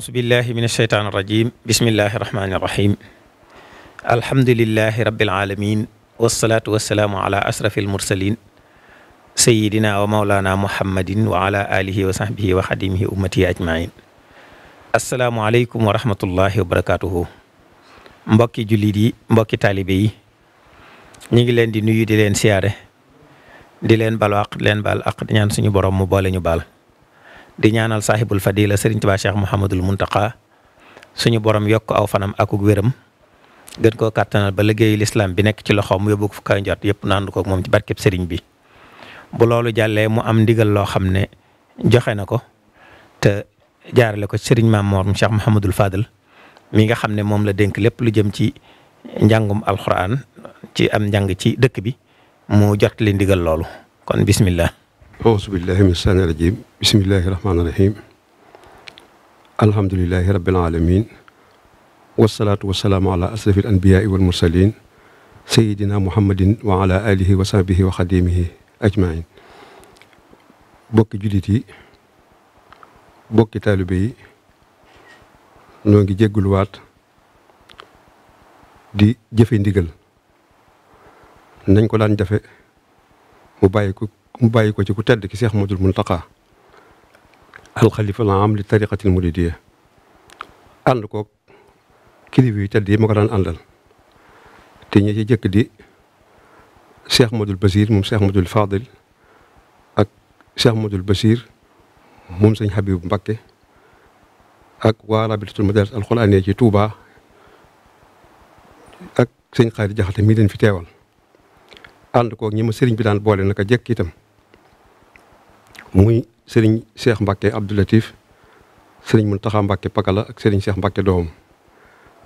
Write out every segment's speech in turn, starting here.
أعوذ بالله من الشيطان الرجيم بسم الله الرحمن الرحيم الحمد لله رب العالمين والصلاة والسلام على أشرف المرسلين سيدنا ومولانا محمد وعلى آله وصحبه وخديمه أمتي أجمعين السلام عليكم ورحمة الله وبركاته mbokki jullit yi mbokki taalibe yi ñu ngi leen di nuyu di leen siyaare di leen bal waq di leen baal aq di ñaan suñu borom mu boole ñu baal di ñaanal saaxibul fadila sëriñ Tuubaa Cheikh Mouhamadul Muntaqa suñu borom yokk aw fanam akuk wéram gën koo kàttanal ba liggéeyu lislaam bi nekk ci loxoom mu yóbbu ko fu kaay njot naandu ko moom ci barkeb sëriñ bi. bu loolu jàllee mu am ndigal loo xam ne joxe na ko te jaarale ko sëriñ maam Mor Cheikh Mouhamadul Fadal mi nga xam ne moom la dénk lépp lu jëm ci njàngum alxuraan ci am njàng ci dëkk bi mu jot li ndigal loolu kon bismillah. auzu bismillahi rahmaani rahim alhamdulilahi rabbil alamin wasalaatu wasalaamu ala asrafil anbiyaai wal mursalin sayidina muhammadin wa ala alihi wa sahbihi wa xadimihi ajmain bokki jullit yi bokki taalibe yi noo ngi jégguluwaat di jëfe ndigal nañ ko daan jafe mu bàyyi ko mu bàyyi ko ci ku tedd ki Seex Muhammadul Muntaqa alxalifa am aam li tariqati al-muridiyya ànd koog kilifa yu tedd yi ma ko daan àndal te ñi ci jëkk di Cheikh Modou Basir moom Cheikh Modou Fadil ak Cheikh Modou Basir moom sëñ Habib Mbakke ak waa rabitatul madaris alxuraaniyya ci tuuba ak sëñ Xaari Jaxate mii leen fi teewal ànd koog ñi ma sëriñ bi daan boole naka jëkk itam sëriñ Cheikh Mbacke Abdoulatif sëriñ taxa Mbacke Pakala ak sëriñ seex Mbacke doomam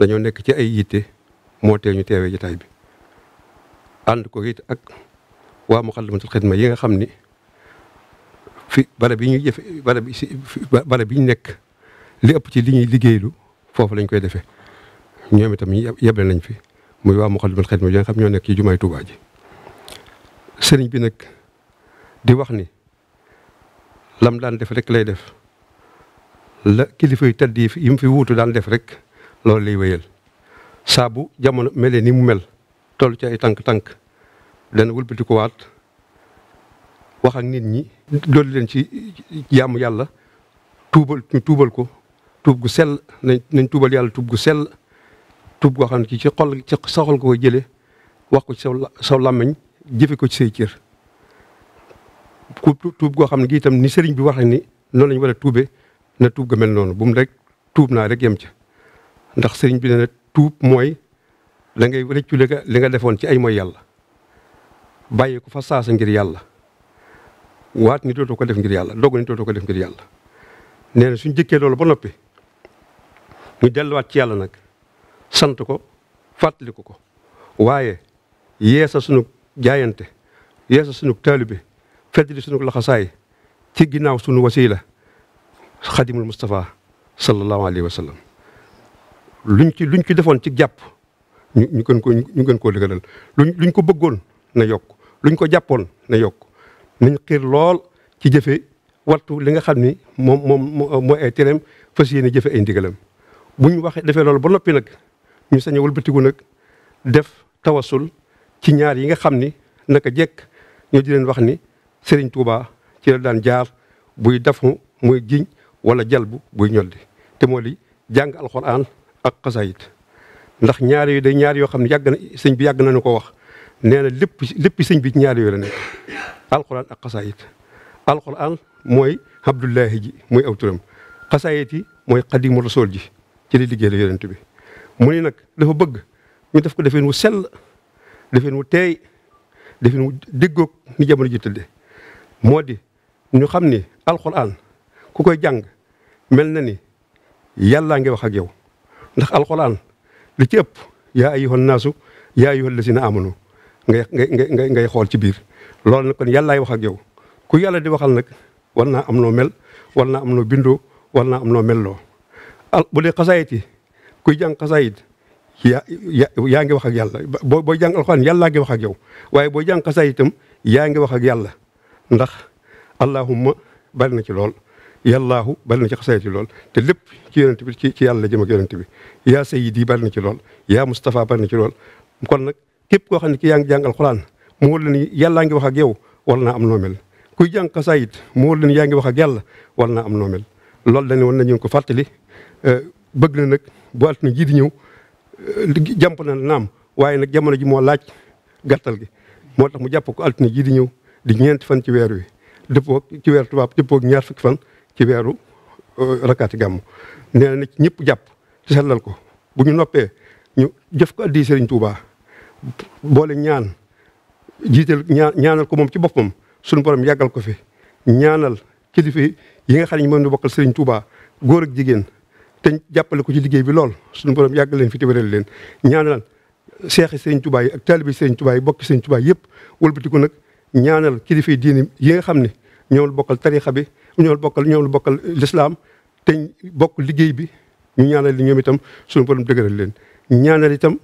dañoo nekk ci ay yitte moo ñu teewee jotaay bi ànd ko it ak waa Moukhaddamatoul Khidma yi nga xam ni fi barab yi ñuy jëfe barab yi barab ñu nekk li ëpp ci li ñuy liggéeylu foofu lañ koy defee ñoom itam yeble nañ fi muy waa Moukhaddamatoul Khidma yi nga xam ñoo nekk ci jumaay Tuubaa ji sëriñ bi nag di wax ni lam daan def rek lay def la kilifa yi tedd yi yi mu fi wuutu daan def rek loolu lay wéyal saabu jamono mele nii mu mel toll ci ay tànk-tànk dana wëlbati ko waat wax nit ñi dolli leen ci jaamu yàlla tuubal tuubal ko tuub gu sell nañ tuubal yàlla tuub gu sell tuub goo xam ne ci xol ci sa xol ko koy jëlee wax ko ci saw saw làmmiñ jëfe ko ci say cër ku tuub goo xam ne gi tam ni sëriñ bi wax ni noonu lañ war a tuube na tuub ga mel noonu bu mu rek tuub naa rek yem ca ndax sëriñ bi ne na tuub mooy da ngay rëccu li nga li nga defoon ci ay mooy yàlla bàyyi ko fa saasa ngir yàlla waat ni dootoo ko def ngir yàlla dogu ni dootoo ko def ngir yàlla suñ jëkkee loolu ba noppi ñu delluwaat ci yàlla nag sant ko fàttaliku ko ko waaye yeesa sunu jaayante yeesa sunu taalibe feddali sunu laxasaay ci ginnaaw sunu wasiila xadimul Moustapha sallallahu alayhi wa luñ ci luñ ci defoon ci jàpp ñu ñu gën ko ñu gën koo dëgëral luñ luñ ko bëggoon na yokk luñ ko jàppoon na yokk nañ xiir lool ci jëfe wattu li nga xam ni moom moom moo ay tereem fas yéene jëfe ay ndigalam buñ waxee defee loolu ba noppi nag ñu sañ a wëlbatiku nag def tawasul ci ñaar yi nga xam ni a jekk ñoo di leen wax ni Serigne Touba ci la daan jaar buy defu muy giñ wala jalbu buy ñolli te moo di jàng alxuraan ak xasaayit ndax ñaar yooyu day ñaar yoo xam ne yàgg na sëñ bi yàgg nañu ko wax nee na lépp lépp sëñ bi ci ñaar yooyu la nekk alxuraan ak xasaayit alxuraan mooy Abdullahi ji muy aw turam xasaayit yi mooy xadimu rasool ji ci li liggéey la yonent bi mu nii nag dafa bëgg ñu def ko defeen wu sell defeen wu teey defeen wu déggoog ni jamono ji tëdde moo di ñu xam ni alxuraan ku koy jàng mel na ni yàllaa ngi wax ak yow ndax alxuraan li ci ëpp yaa ayyuhan naasu yaa ayyuhal lazina amanu ngay ngay ngay ngay xool ci biir loolu nag kon yàllaay wax ak yow ku yàlla di waxal nag war naa am noo mel war naa am noo bindoo war naa am noo melloo al bu dee xasaayit yi kuy jàng xasaayit yaa yaa ngi wax ak yàlla boo booy jàng alxuraan yàllaa ngi wax ak yow waaye booy jàng xasaayit itam yaa ngi wax ak yàlla ndax allahumma bari na ci lool yàllaahu bari na ci xasaayit yi lool te lépp ci yonent bi ci ci yàlla la jëm ak yonent bi yaa sayidi bari na ci lool yaa Moustapha bari na ci lool kon nag képp ko xam ne ki yaa ngi jàngal xuraan mu wóor la ni yàllaa ngi wax ak yow war naa am noo ku kuy jàng xasaayit mu wóor ni yaa ngi wax ak yàlla war naa am noo mel loolu dañ woon na ko fàttali euh, bëgg na nag bu altine ji di ñëw euh, jàmp na naam waaye nag jamono ji moo laaj gàttal gi moo tax mu jàpp ko altine ji di ñëw di ñeenti fan ci weer wi dëppoo ci weer tubaab dëppoo ñaar fukki fan ci weeru euh, rakkaati gàmm nee na ci ñëpp jàpp ci sellal ko bu ñu noppee ñu jëf ko addi Serigne tubaa boole ñaan jiital ñaan ñaanal ko moom ci boppam suñu borom yàggal ko fi ñaanal kilifa yi nga xam ne moom nu bokkal Serigne tubaa góor ak jigéen te jàppale ko ci liggéey bi lool suñu borom yàggal leen fi te wéral leen ñaanal seex Serigne Touba ak taalibi Serigne Touba yi bokki Serigne Touba yëpp wëlbati ko nag. ñaanal kilifa yi diini yi nga xam ne ñoom la bokkal tariixa bi ñoom bokkal ñoom bokkal lislaam te bokk liggéey bi ñu ñaanal li ñoom itam suñu borom leen ñaanal itam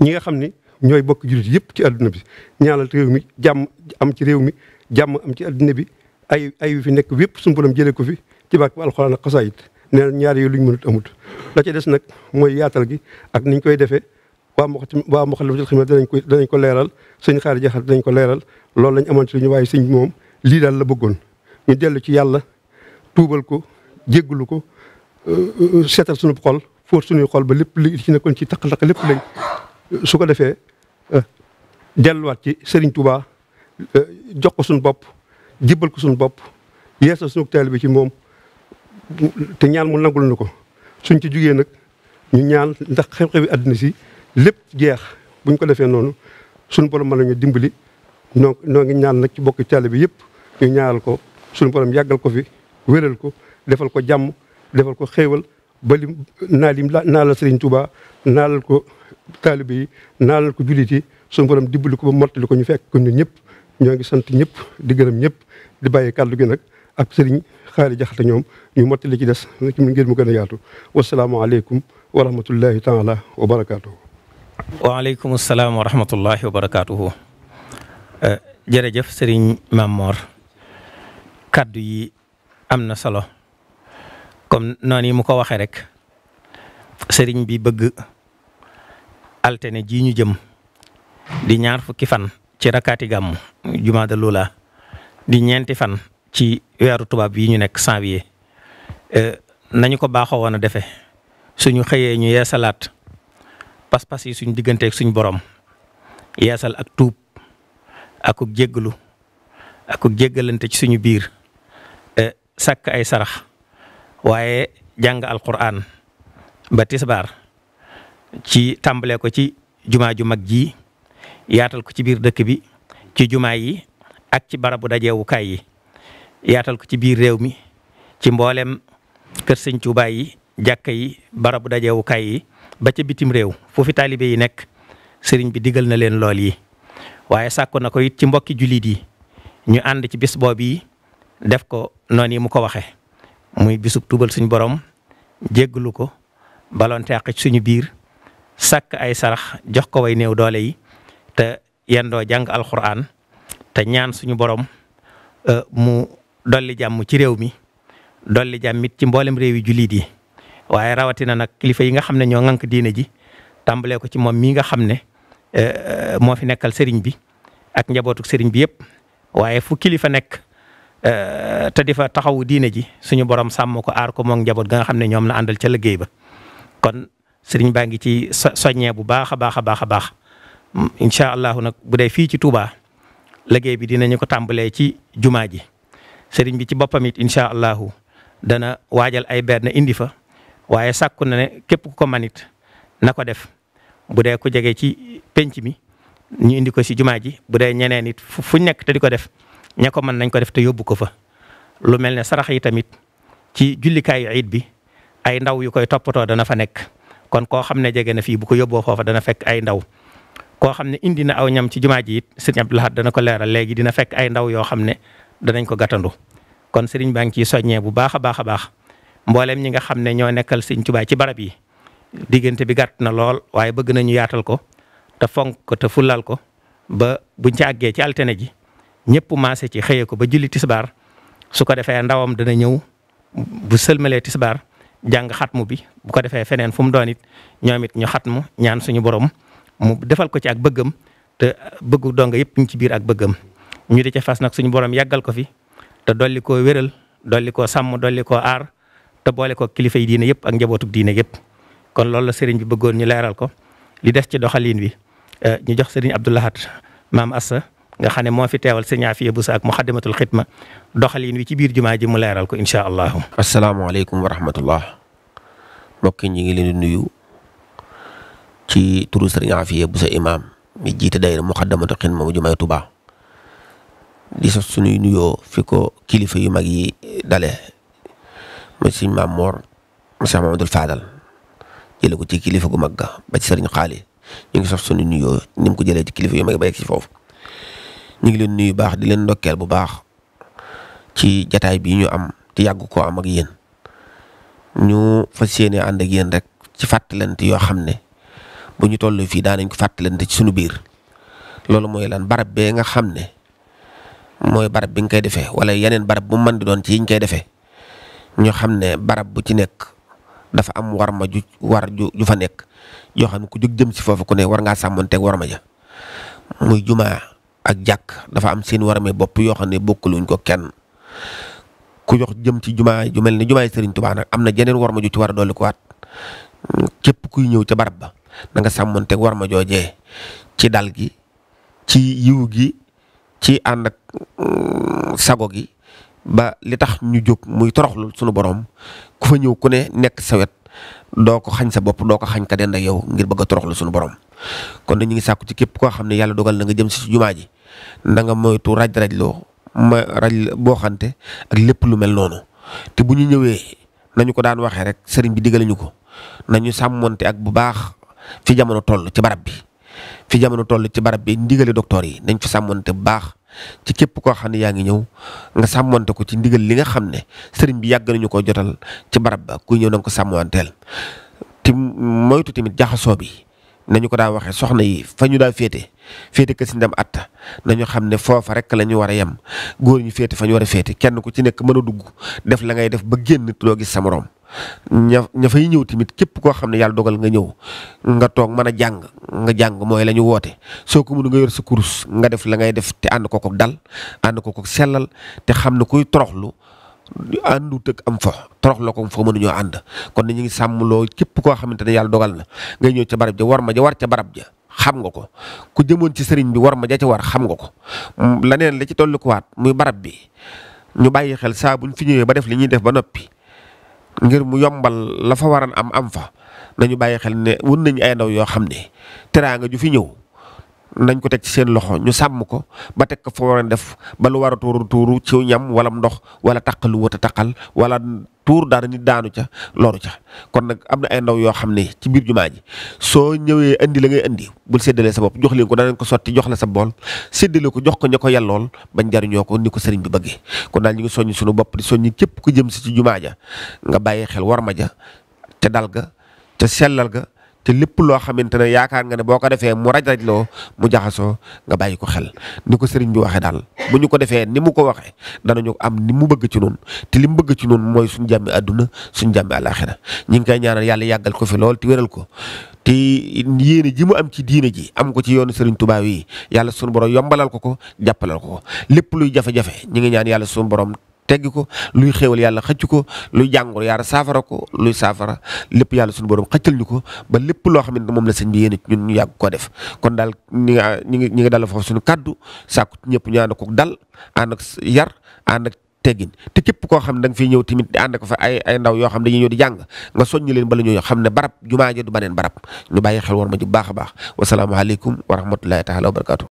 ñi nga xam ni ñooy bokk jullit yëpp ci adduna bi ñaanal réew mi jàmm am ci réew mi jàmm am ci adduna bi ay ay fi nekk yëpp suñu borom jëlee ko fi ci bàkk bi alxuraan ak xasaayit nee na ñaar yooyu luñ mënut amut la ca des nag mooy yaatal gi ak niñ koy defee waa ma waa ma xalifatul xidma danañ ko danañ ko leeral sëñ xaari jaxat danañ ko leeral loolu lañ amoon ci lu ñu waaye sëñ moom lii daal la bëggoon ñu dellu ci yàlla tuubal ko jéggalu ko euh, seetal suñu xol fóot suñuy xol ba lépp li ci nekkoon ci taq-taq lépp lañ su ko defee euh, delluwaat ci Serigne Touba euh, jox ko suñu bopp jibbal ko suñu bopp yeesal suñu taalibe bi ci moom te ñaan mu nangul na ko suñ ci jugee nag ñu ñaan ndax xew-xewi àddina si lépp jeex bu ko defee noonu suñu borom mën nañu dimbali noo noo ngi ñaan nag ci bokki taali bi yëpp ñu ñaanal ko suñu borom yàggal ko fi wéral ko defal ko jàmm defal ko xéewal ba li naa lim naalal Sëriñ tuba naalal ko taalibe yi naalal ko jullit yi suñu borom dimbali ko ba mottali ko ñu fekk ko ñun ñëpp ñoo ngi sant ñëpp di gërëm ñëpp di bàyyi kàddu gi nag ak sëriñ xaali jaxate ñoom ñu mottali ci des ngir mu gën a yaatu wasalaamaaleykum wa rahmatullahi taala waaleykum salaam wa rahmatullahi wa barakaatuhu eh, jërëjëf sëriñ Mamor kàddu yi am na solo comme noonu yi mu ko waxee rek sëriñ bi bëgg altine ji ñu jëm di ñaar fukki fan ci rakaati gàmm jumaada lula di ñeenti fan ci weeru tubaab yi ñu nekk janvier eh, nañu ko baaxoo woon a defe suñu xëyee ñu salaat pas-pas yi suñ digganteeg suñ borom yeesal ak tuub akuk jéggalu akuk jéggalante ci suñu biir eh, sàkk ay sarax waaye jàng alquran ba ci tàmbalee ko ci jumaa ju mag ji yaatal ko ci biir dëkk bi ci jumaa yi ak ci barabu dajeewukaay yi yaatal ko ci biir réew mi ci mboolem kër sëñ Tuubaa yi jàkka yi barabu dajeewukaay yi ba ca bitim réew fu fi taalibe yi nekk sëriñ bi digal na leen lool yi waaye sàkku na ko it ci mbokki jullit yi ñu ànd ci bis boobu yi def ko noonu yi mu ko waxe muy bisu tubal suñu borom jéggalu ko balonte àq ci suñu biir sàkk ay sarax jox ko way néew doole yi te yendoo jàng alxuraan te ñaan suñu boroom euh, mu dolli jàmm ci réew mi dolli jàmm it ci mboolem réew jullit yi waaye rawatina nag kilifa yi nga xam ne ñoo ŋànk diina ji tàmbalee ko ci moom mii nga xam ne eh, eh, moo fi nekkal sëriñ bi ak njabootu sëriñ bi yëpp waaye fu kilifa nekk eh, te di fa taxawu diine ji suñu borom sàmm ko aar ko moom njaboot ga nga xam ne ñoom la àndal ca liggéey ba kon sëriñ baa ngi ci soññee bu baax a baax a baax a baax mm, incha allahu nag bu dee fii ci Touba liggéey bi dinañu ko tàmbalee ci jumaa ji sëriñ bi ci boppam it incha allahu dana waajal ay benn indi fa. waaye sàkku na ne képp ku ko manit na ko def bu dee ku jege ci penc mi ñu indi ko si jumaa ji bu dee ñeneen it fu nekk te di ko def ña ko mën nañ ko def te yóbbu ko fa lu mel ne sarax yi tamit ci jullikaayu iid bi ay ndaw yu koy toppatoo dana fa nekk kon koo xam ne jege na fii bu ko yóbboo foofa dana fekk ay ndaw koo xam ne indi na aw ñam ci jumaa ji it sëriñ Abdou Lahad dana ko leeral léegi dina fekk ay ndaw yoo xam ne danañ ko gàttandu kon sëriñ baa ngi ciy soññee bu baax a baax a baax mboolem ñi nga xam ne ñoo nekkal sëñ Tuubaa ci barab diggante bi gàtt na lool waaye bëgg nañu yaatal ko te fonk ko te fulal ko ba bu ci àggee ci altine ji ñëpp maase ci xëyee ko ba julli tisbaar su ko defee ndawam dana ñëw bu sëlmalee tisbaar jàng xatmu bi bu ko defee feneen fu mu doon it ñoom it ñu xatmu ñaan suñu borom mu defal ko ci ak bëggam te bëggu donga yëpp ci biir ak bëggam ñu di ca fas nag suñu borom yàggal ko fi te dolli koo wéral dolli koo te boole ko kilifa yi diina yëpp ak njabootuk diine yépp kon loolu la sëriñ bi bëggoon ñu leeral ko li des ci doxaliin wi euh, ñu jox sëriñ Abdou Lahad maam Assa nga xam ne moo fi teewal sëriñ Afiya Busa ak Muxaddamatul Xidma doxaliin wi ci biir jumaa ji mu leeral ko incha allah. asalaamaaleykum wa rahmatullah mbokk ñi ngi leen di nuyu ci turu sëriñ Afiya Busa imaam mi jiite daayira Muxaddamatul Xidma mu jumaay Tuubaa di sax suñuy nuyoo fi ko kilifa yu mag yi dale mooy sëñ maam Mor mu Cheikh Mamadou jële ko ci kilifa gu mag ba ci sëriñ xaali ñu ngi sof suñu nuyoo ni mu ko jëlee ci kilifa yu mag ba foofu ñu ngi leen nuyu baax di leen dokkeel bu baax ci jataay bi ñu am te yàgg koo am ak yéen ñu fas yéene ànd ak yéen rek ci fàttalante yoo xam ne bu ñu toll fii daanañ ko fàttalante ci suñu biir loolu mooy lan barab bee nga xam ne mooy barab bi nga koy defee wala yeneen barab bu mën di doon ci yiñ koy defee ñoo xam ne barab bu ci nekk dafa am war ma ju war ju ju fa nekk yoo xam ne ku jóg jëm si foofu ku ne war ngaa sàmmanteeg war ma ja muy jumaa ak jàkk dafa am seen warme bopp yoo xam ne bokkuluñ ko kenn ku jox jëm ci jumaa ju mel ne jumaay Serigne Touba nag am na jeneen war ma ju ci war doole dolli ko waat képp kuy ñëw ca barab ba na nga sàmmanteeg war ma joojee ci dal gi ci yiw gi ci ànd ak mm, sago gi ba li tax ñu jóg muy toroxlu sunu borom ku fa ñëw ku ne nekk sa wet doo ko xañ sa bopp doo ko xañ ka dend ak yow ngir bëgg a toroxlu sunu borom. kon nag ñu ngi sàkku ci képp koo xam ne yàlla dogal na nga jëm si jumaa ji na nga moytu raj raj loo ma raj boo xante lépp lu mel noonu te bu ñu ñëwee nañu ko daan waxee rek sëriñ bi digale ñu ko nañu sàmmonte ak bu baax fi jamono toll ci barab bi fi jamono toll ci barab bi ndigale docteur yi nañ fi sàmmonte bu baax. ci képp koo xam ne yaa ngi ñëw nga sàmmante ko ci ndigal li nga xam ne sëriñ bi yàgg nañu ko jotal ci barab ba kuy ñëw na nga ko sàmmanteel te moytu tamit jaxasoo bi nañu ko daa waxee soxna yi fa ñu daa féete féete kër si ndam atta nañu xam ne foofa rek la war a yem góor ñu féete fañu war a féete kenn ku ci nekk mën a dugg def la ngay def ba génn doo gis sa ña ña fay ñëw tamit képp koo xam ne yàlla dogal nga ñëw nga toog mën a jàng nga jàng mooy la ñu woote soo ko mënu nga yor sa kurus nga def la ngay def te ànd ko ko dal ànd ko ko sellal te xam ne kuy toroxlu àndu tëg am fa torox la ko fa mënuñoo ànd kon ñu ngi sàmmloo képp koo xamante ne yàlla dogal na ngay ñëw ca barab ja war ma ja war ca barab ja xam nga ko ku jëmoon ci sëriñ bi war ma ja ca war xam nga ko leneen la ci tolluwaat muy barab bi ñu bàyyi xel saa buñ fi ñëwee ba def li ñuy def ba noppi ngir mu yombal la fa waran am am fa nañu bàyyi xel ne wun nañu ay ndaw yoo xam ne teraanga ju fi ñëw nañ ko teg ci seen loxo ñu sàmm ko ba teg ko fa waran def ba lu war a tuuru tuuru ciw ñam wala ndox wala taq lu wët a taqal wala. tuur dara nit daanu ca loru ca kon nag am na ay ndaw yoo xam ne ci biir jumaa ji soo ñëwee indi la ngay indi bul séddalee sa bopp jox leen ko danañ ko sotti jox la sa bool séddale ko jox ko ña ko yellool ba jariñoo ko ni ko sëriñ bi bëggee kon daal ñu ngi soññ suñu bopp di soññ képp ku jëm si ci jumaa ja nga bàyyi xel war ma ja te dal ga te sellal ga te lépp loo xamante ne yaakaar nga ne boo ko defee mu raj raj loo mu jaxasoo nga bàyyi ko xel ni ko sëriñ bi waxee daal bu ñu ko defee ni mu ko waxee danañu am ni mu bëgg ci noonu te li mu bëgg ci noonu mooy suñu jàmmi àdduna suñu jàmmi àlaaxira ñu ngi koy ñaanal yàlla yàggal ko fi lool te wéral ko ti yéene ji mu am ci diine ji am ko ci yoonu Serigne Touba yi yàlla sunu borom yombalal ko ko jàppalal ko ko lépp luy jafe-jafe ñu ngi ñaan yàlla suñ borom tegg ko luy xéewal yàlla xëcc ko luy jàngoro yàlla saafara ko luy saafara lépp yàlla suñu borom xëccal ñu ko ba lépp loo xam ne moom la sëñ bi yéen ñun ñu yàgg koo def kon daal ñi nga ñi ngi ñi ngi dal foofu suñu kàddu sàkku ñëpp ñu ànd dal ànd ak yar ànd ak teggin te képp koo xam ne da fiy ñëw tamit di fa ay ay ndaw yoo xam dañuy ñëw di jàng nga soññi leen bala ñoo xam ne barab jumaa ja du baneen barab ñu bàyyi xel war ma ju baax a baax wasalaamaaleykum wa rahmatullahi taala wa barakatu